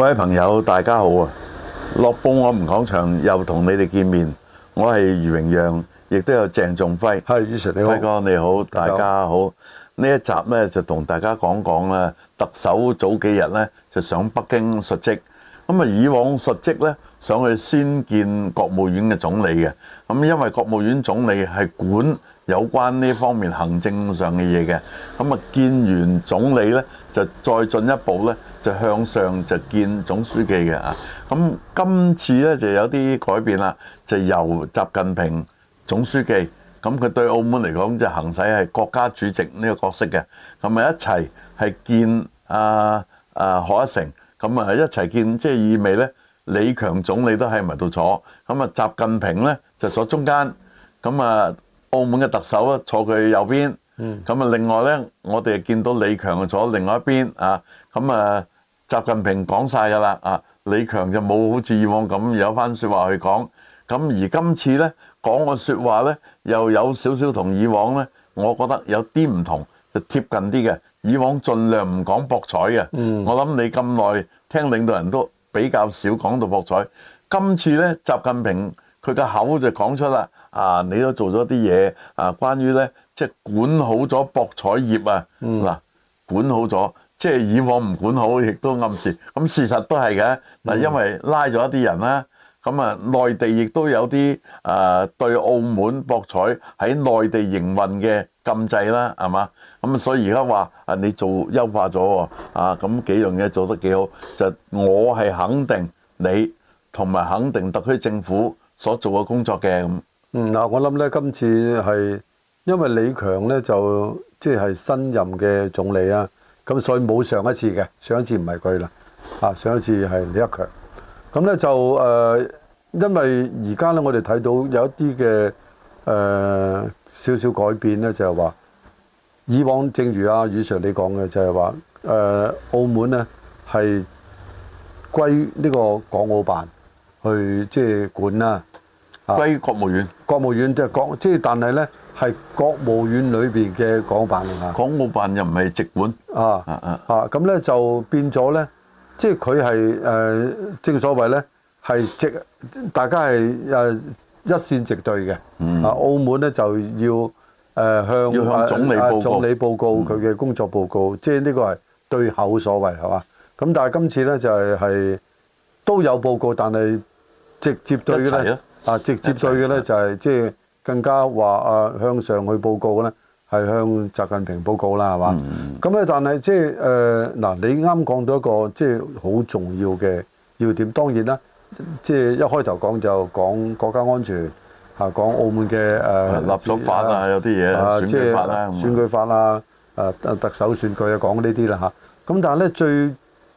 各位朋友，大家好啊！樂報我唔講場，又同你哋見面。我係余榮讓，亦都有鄭仲輝。係，Eason 你好。輝哥你好，大家好。呢一集咧就同大家講講啦。特首早幾日咧就上北京述職。咁啊，以往述職咧上去先見國務院嘅總理嘅。咁因為國務院總理係管有關呢方面行政上嘅嘢嘅。咁啊，見完總理咧，就再進一步咧。就向上就見總書記嘅啊，咁今次咧就有啲改變啦，就由習近平總書記，咁佢對澳門嚟講就行使係國家主席呢個角色嘅，咁啊一齊係見啊啊賀一誠，咁啊一齊見，即係意味咧李強總理都喺埋度坐，咁啊習近平咧就坐中間，咁啊澳門嘅特首咧坐佢右邊，咁啊另外咧我哋見到李強坐另外一邊啊，咁啊。習近平講晒㗎啦，啊李強就冇好似以往咁有翻說話去講，咁、啊、而今次呢講個說話呢，又有少少同以往呢，我覺得有啲唔同，就貼近啲嘅。以往盡量唔講博彩嘅，嗯、我諗你咁耐聽領導人都比較少講到博彩。今次呢，習近平佢個口就講出啦，啊你都做咗啲嘢啊，關於呢，即係管好咗博彩業啊，嗱、啊、管好咗。即係以往唔管好，亦都暗示咁，事實都係嘅。嗱，因為拉咗一啲人啦，咁啊內地亦都有啲誒對澳門博彩喺內地營運嘅禁制啦，係嘛，咁啊，所以而家話啊，你做優化咗喎啊，咁幾樣嘢做得幾好，就我係肯定你同埋肯定特區政府所做嘅工作嘅咁。嗯，嗱，我諗咧，今次係因為李強咧就即係新任嘅總理啊。咁所以冇上一次嘅，上一次唔係佢啦，啊上一次係李克強。咁咧就誒、呃，因為而家咧我哋睇到有一啲嘅誒少少改變咧，就係、是、話以往正如阿、啊、余 sir 你講嘅，就係話誒澳門咧係歸呢個港澳辦去即係、就是、管啦。歸國務院，國務院即係國，即係但係咧，係國務院裏邊嘅港,港澳辦啊。港澳辦又唔係直管啊啊啊！咁咧就變咗咧，即係佢係誒，正所謂咧係直，大家係誒一線直對嘅。嗯、啊，澳門咧就要誒、呃、向要向總理報告，啊、總理報告佢嘅、嗯、工作報告，即係呢個係對口所謂，係嘛？咁但係今次咧就係、是、係都有報告，但係直接對嘅咧。一齊啊！啊，直接對嘅咧就係即係更加話啊，向上去報告嘅咧，係向習近平報告啦，係嘛？咁咧、嗯，但係即係誒嗱，你啱講到一個即係好重要嘅要點，當然啦，即、就、係、是、一開頭講就講國家安全嚇、啊，講澳門嘅誒、啊、立法啊，有啲嘢選舉法啦，啊就是、選舉法啊，誒特首選舉啊，講呢啲啦嚇。咁但係咧最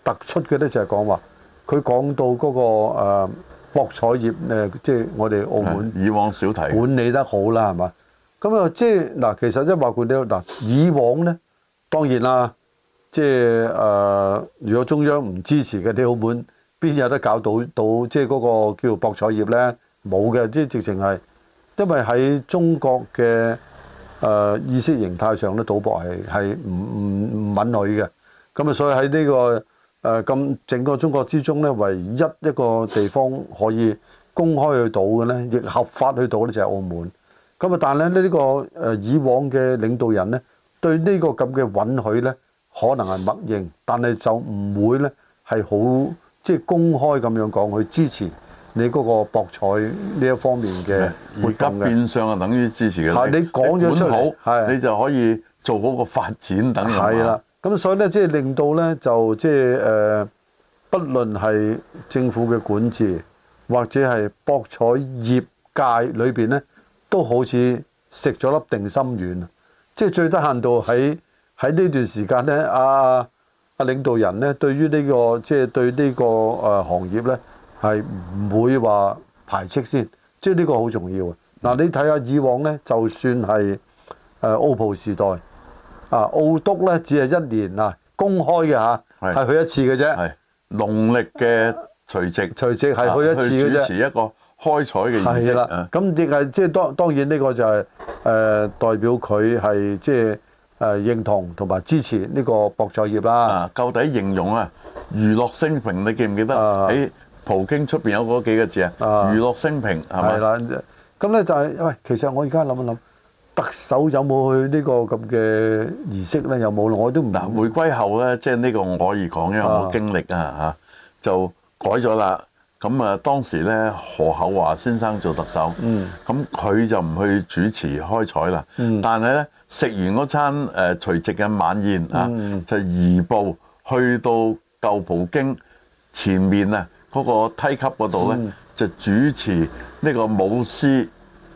突出嘅咧就係講話，佢講到嗰、那個、啊博彩業咧，即係我哋澳門以往小睇管理得好啦，係嘛？咁啊，即係嗱，其實即係話句咧，嗱，以往咧，當然啦，即係誒、呃，如果中央唔支持嘅，啲澳門邊有得搞到到即係嗰個叫博彩業咧？冇嘅，即係直情係，因為喺中國嘅誒、呃、意識形態上咧，賭博係係唔唔唔允許嘅。咁啊，所以喺呢、這個。誒咁整個中國之中咧，唯一一個地方可以公開去賭嘅咧，亦合法去賭咧就係澳門。咁啊，但係咧呢個誒、呃、以往嘅領導人咧，對呢個咁嘅允許咧，可能係默認，但係就唔會咧係好即係公開咁樣講去支持你嗰個博彩呢一方面嘅活動嘅。會變相就、啊、等於支持嘅啦。你講咗出口，你,是你就可以做好個發展，等人的。係啦。咁所以咧，即係令到咧，就即係誒，不論係政府嘅管治，或者係博彩業界裏邊咧，都好似食咗粒定心丸。即係最低限度喺喺呢段時間咧，阿阿領導人咧，對於呢個即係對呢個誒行業咧，係唔會話排斥先。即係呢個好重要啊！嗱，你睇下以往咧，就算係誒澳葡時代。啊，澳督咧只係一年啊，公開嘅嚇，係是去一次嘅啫。係農曆嘅除夕，除夕係去一次嘅啫。主持一個開彩嘅意思啦。咁亦係即係當當然呢個就係、是、誒、呃、代表佢係即係誒認同同埋支持呢個博彩業啦。啊，夠底形容啊！娛樂升平，你記唔記得喺葡京出邊有嗰幾個字啊？娛樂升平係咪啦？咁咧就係喂，其實我而家諗一諗。特首有冇去呢個咁嘅儀式咧？有冇？我都唔嗱。回歸後咧，即係呢個我而講咧，因為我經歷啊嚇、啊、就改咗啦。咁啊，當時咧，何厚華先生做特首，咁佢、嗯啊、就唔去主持開彩啦。嗯、但係咧，食完嗰餐誒除夕嘅晚宴啊，嗯、就移步去到舊葡京前面啊嗰、嗰個梯級嗰度咧，嗯、就主持呢個舞獅。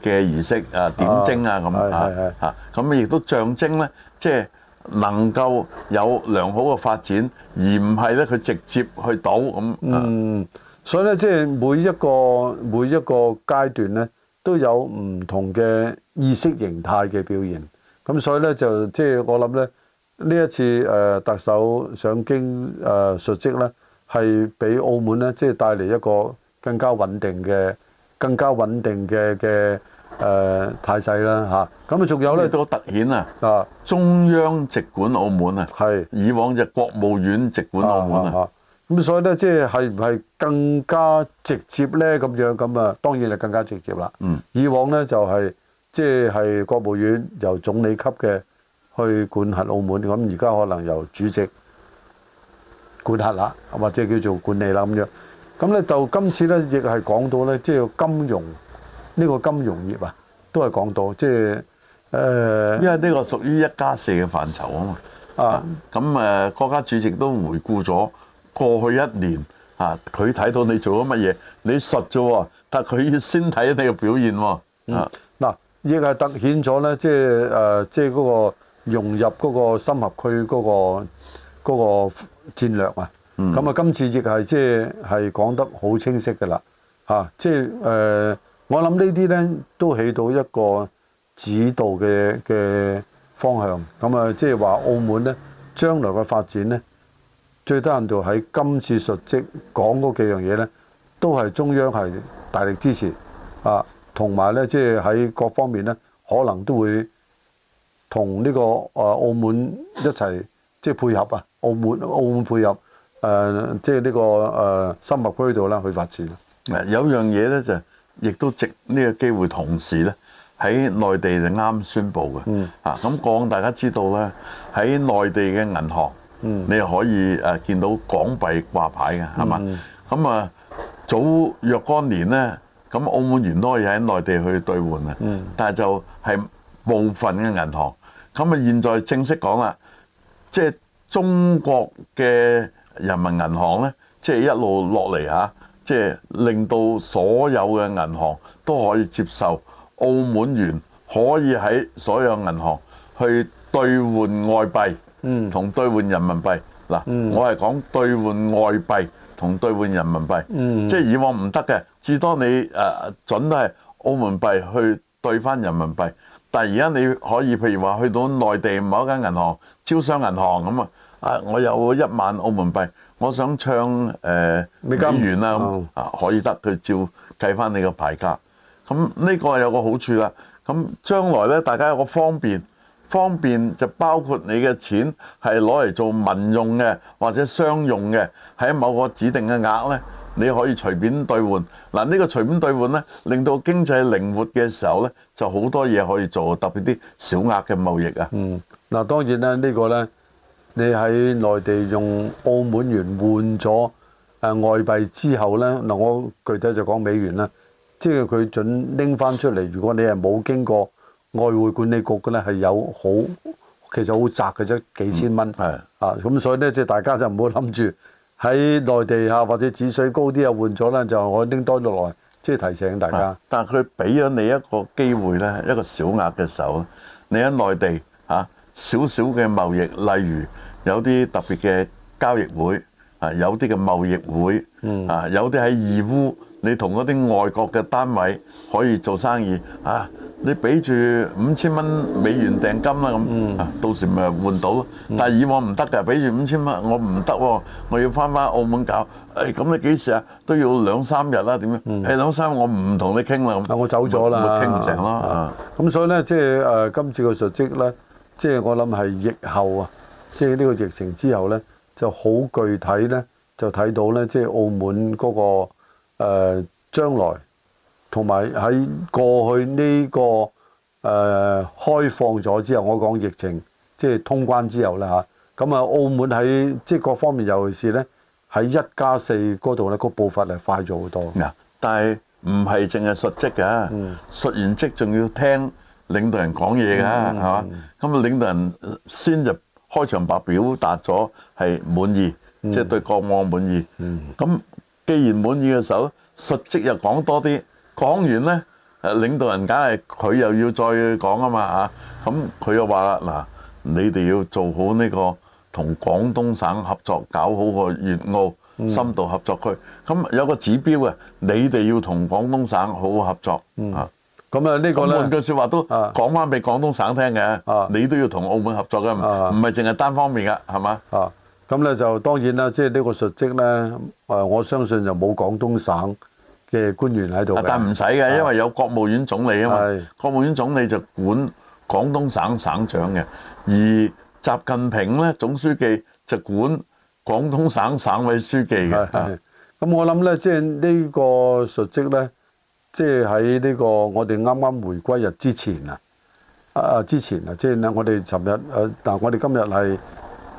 嘅儀式啊，點睛啊咁係係吓，咁亦都象徵咧，即係能夠有良好嘅發展，而唔係咧佢直接去賭咁啊。所以咧，即係每一個每一個階段咧，都有唔同嘅意識形態嘅表現。咁所以咧，就即係我諗咧，呢一次誒特首上京誒述職咧，係俾澳門咧，即係帶嚟一個更加穩定嘅、更加穩定嘅嘅。誒、呃，太細啦吓，咁啊，仲有咧，好多特顯啊，啊，嗯、啊啊中央直管澳門啊，係是，以往就國務院直管澳門啊，咁、啊啊啊、所以咧，即係唔係更加直接咧，咁樣咁啊，當然係更加直接啦，嗯，以往咧就係即係國務院由總理級嘅去管轄澳門，咁而家可能由主席管轄啦，或者叫做管理啦咁樣，咁、嗯、咧就今次咧亦係講到咧，即、就、係、是、金融。呢個金融業啊，都係講到，即係誒，呃、因為呢個屬於一加四嘅範疇啊嘛。啊，咁啊、嗯、啊，國家主席都回顧咗過去一年啊，佢睇到你做咗乜嘢，你實咗，但係佢先睇你嘅表現喎、啊。啊、嗯。嗱、啊，亦係凸顯咗咧，即係誒、呃，即係嗰個融入嗰個深合區嗰、嗰個嗰、嗰個嗰個、戰略啊。咁、嗯、啊，今次亦係即係係講得好清晰㗎喇。嚇、啊，即係誒。呃我諗呢啲呢都起到一個指導嘅嘅方向，咁啊，即係話澳門呢將來嘅發展呢，最低限度喺今次述職講嗰幾樣嘢呢，都係中央係大力支持啊，同埋呢，即係喺各方面呢，可能都會同呢個啊澳門一齊即係配合啊，澳門澳門配合誒即係呢個誒生物區度呢去發展。有樣嘢呢就是。亦都值呢個機會，同時呢喺內地就啱宣布嘅。嗯，啊咁，咁講大家知道呢，喺內地嘅銀行，嗯、你可以誒見到港幣掛牌嘅，係嘛？咁啊、嗯嗯，早若干年呢，咁澳門元都可以喺內地去兌換啊。嗯、但係就係部分嘅銀行，咁啊，現在正式講啦，即係中國嘅人民銀行呢，即係一路落嚟嚇。啊即係令到所有嘅銀行都可以接受澳門元，可以喺所有銀行去兌換外幣，同兌換人民幣。嗱、嗯嗯，我係講兌換外幣同兌換人民幣。嗯、即係以往唔得嘅，至多你誒準都係澳門幣去兌翻人民幣。但係而家你可以，譬如話去到內地某間銀行，招商銀行咁啊，啊我有一萬澳門幣。我想唱誒美金元啦，啊可以得，佢照計翻你個牌價。咁呢個有個好處啦。咁將來呢，大家有個方便，方便就包括你嘅錢係攞嚟做民用嘅，或者商用嘅，喺某個指定嘅額呢，你可以隨便兌換。嗱呢個隨便兌換呢，令到經濟靈活嘅時候呢，就好多嘢可以做，特別啲小額嘅貿易啊。嗯。嗱當然啦，呢個呢。你喺內地用澳門元換咗誒外幣之後咧，嗱我具體就講美元啦，即係佢準拎翻出嚟。如果你係冇經過外匯管理局嘅咧，係有好其實好窄嘅啫，幾千蚊。係、嗯、啊，咁所以咧，即係大家就唔好諗住喺內地嚇或者指水高啲又換咗咧，就我拎多咗落嚟。即係提醒大家。啊、但係佢俾咗你一個機會咧，一個小額嘅手，你喺內地嚇少少嘅貿易，例如。有啲特別嘅交易會啊，有啲嘅貿易會啊，有啲喺義烏，你同嗰啲外國嘅單位可以做生意啊。你俾住五千蚊美元訂金啦咁，到時咪換到咯。但係以往唔得㗎，俾住五千蚊我唔得喎，我要翻翻澳門搞。誒咁你幾時啊？都要兩三日啦，點樣？誒兩三日我唔同你傾啦咁，我走咗啦，我傾唔成啦啊！咁所以咧，即係誒今次嘅述職咧，即係我諗係疫後啊。即係呢個疫情之後咧，就好具體咧，就睇到咧，即係澳門嗰個誒將來，同埋喺過去呢個誒開放咗之後，我講疫情，即係通關之後啦嚇。咁啊，澳門喺即係各方面，尤其是咧喺一加四嗰度咧，個步伐係快咗好多。嗱，但係唔係淨係述職㗎，述完職仲要聽領導人講嘢㗎，係嘛？咁啊，領導人先入。開場白表達咗係滿意，即係、嗯、對國安滿意。咁、嗯、既然滿意嘅時候，述職又講多啲，講完呢，誒領導人梗係佢又要再講嘛啊嘛嚇。咁佢又話啦：嗱，你哋要做好呢、這個同廣東省合作搞好個粵澳深度合作區。咁、嗯、有個指標嘅，你哋要同廣東省好好合作、嗯、啊！咁啊，個呢個咧，換句説話都講翻俾廣東省聽嘅，你都要同澳門合作噶嘛，唔係淨係單方面噶，係嘛？啊，咁咧就當然啦，即係呢個述職咧，誒，我相信就冇廣東省嘅官員喺度。但唔使嘅，因為有國務院總理啊嘛。的國務院總理就管廣東省省、省長嘅，而習近平咧總書記就管廣東省省委書記嘅。咁的我諗咧，即係呢個述職咧。即係喺呢個我哋啱啱回歸日之前啊，啊之前啊，即係咧我哋尋日誒，嗱我哋今日係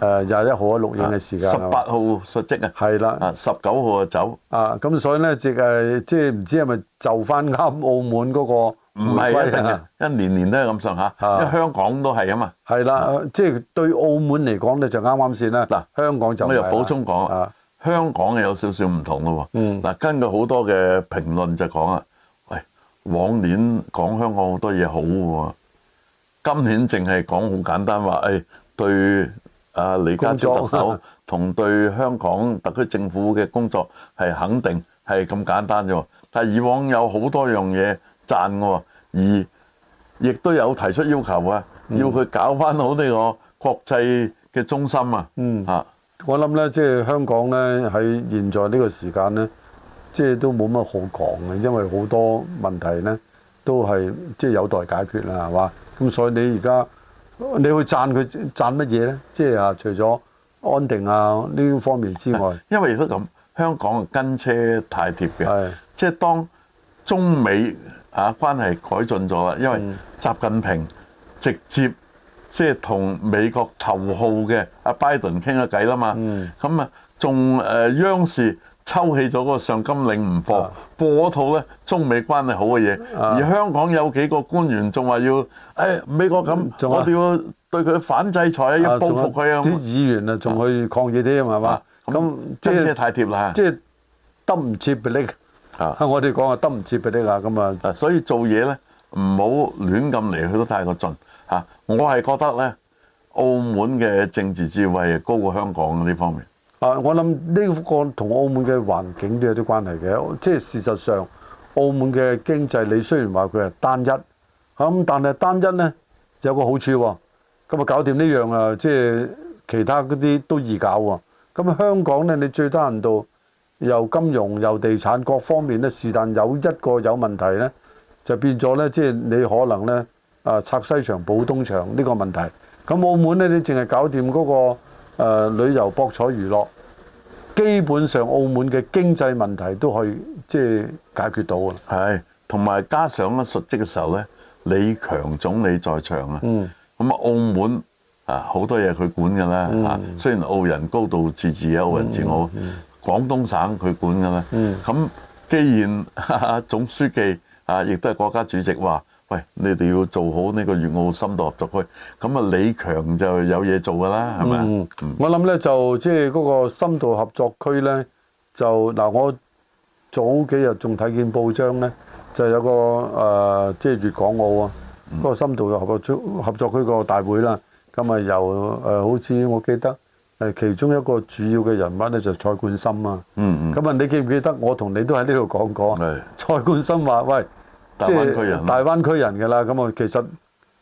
誒廿一號啊錄影嘅時間，十八號述職啊，係啦，十九號就走啊，咁所以咧即係即係唔知係咪就翻啱澳門嗰個，唔係一年年都係咁上下，因為香港都係啊嘛，係啦，即係對澳門嚟講咧就啱啱先啦，嗱香港就，我又補充講啊，香港又有少少唔同咯喎，嗱根據好多嘅評論就講啊。往年講香港多好多嘢好喎，今年淨係講好簡單話，誒、哎、對啊李家超特首同對香港特區政府嘅工作係肯定係咁簡單啫。但係以往有好多樣嘢讚嘅，而亦都有提出要求啊，要佢搞翻好呢個國際嘅中心啊。嗯啊，嗯是我諗呢，即、就、係、是、香港呢，喺現在呢個時間呢。即係都冇乜好講嘅，因為好多問題咧都係即係有待解決啦，係嘛？咁所以你而家你會讚佢讚乜嘢咧？即係啊，除咗安定啊呢方面之外，因為亦都咁香港跟車太貼嘅，是的 即係當中美啊關係改進咗啦，因為習近平直接即係同美國頭號嘅阿拜登傾咗偈啦嘛，咁啊仲誒央視。抽起咗嗰個上金領唔放，播，播套咧中美關係好嘅嘢，而香港有幾個官員仲話要誒、哎、美國咁，啊、我哋要對佢反制裁啊，要報復佢啊，啲議員啊仲去抗議啲啊嘛，係嘛、啊？咁即係太貼啦、啊，即係得唔切俾你嚇，我哋講啊得唔切俾你嚇咁啊，嗯、所以做嘢咧唔好亂咁嚟去都太過盡嚇、啊，我係覺得咧澳門嘅政治智慧高過香港呢方面。啊！我諗呢個同澳門嘅環境都有啲關係嘅，即係事實上澳門嘅經濟，你雖然話佢係單一，咁但係單一呢有個好處喎，咁啊搞掂呢樣啊，即係其他嗰啲都易搞喎。咁香港呢，你最低限度又金融又地產各方面呢，是但有一個有問題呢，就變咗呢。即係你可能呢啊拆西牆補東牆呢個問題。咁澳門呢，你淨係搞掂嗰、那個。誒、呃、旅遊博彩娛樂，基本上澳門嘅經濟問題都可以即係解決到㗎啦。係，同埋加上啊述職嘅時候咧，李強總理在場、嗯、啊。嗯。咁啊，澳門啊好多嘢佢管㗎啦嚇。嗯。雖然澳人高度自治啊，澳人自我、嗯。嗯。廣東省佢管㗎啦。嗯。咁既然、啊、總書記啊，亦都係國家主席話。喂，你哋要做好呢個粵澳深度合作區，咁啊李強就有嘢做噶啦，係咪啊？我諗咧就即係嗰個深度合作區咧，就嗱我早幾日仲睇見報章咧，就有個誒即係粵港澳啊，嗰個深度嘅合作區合作區個大會啦。咁啊又誒，好似我記得誒其中一個主要嘅人物咧就係蔡冠深啊。嗯嗯。咁啊，你記唔記得我同你都喺呢度講過啊？蔡冠深話：喂。即係區人，大灣區人嘅啦，咁啊其實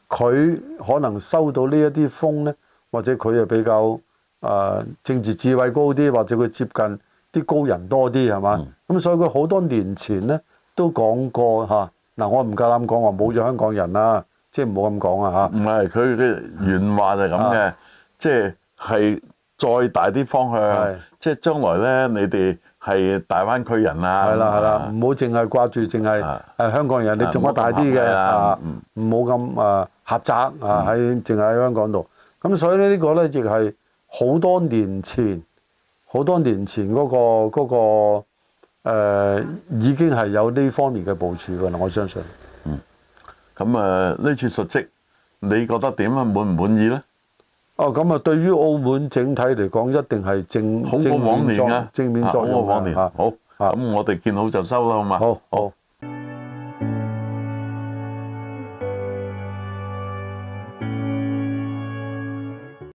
佢可能收到呢一啲風咧，或者佢係比較啊、呃、政治智慧高啲，或者佢接近啲高人多啲係嘛？咁、嗯、所以佢好多年前咧都講過嚇嗱、啊，我唔夠膽講話冇咗香港人啦，即係唔好咁講啊嚇。唔係佢嘅原話係咁嘅，即係係再大啲方向，即係是將來咧你哋。係大灣區人啊！係啦係啦，唔好淨係掛住，淨係誒香港人你，你做乜大啲嘅啊？唔好咁啊狹窄啊！喺淨係喺香港度，咁所以咧呢個咧亦係好多年前、好多年前嗰、嗰個、嗰個誒、呃，已經係有呢方面嘅部署噶啦，我相信。嗯，咁啊，呢、呃、次述職你覺得點啊？滿唔滿意咧？哦，咁啊，對於澳門整體嚟講，一定係正好過往年、啊、正面作用，正面作用，好，咁、啊、我哋見好就收啦，好嘛？好，好。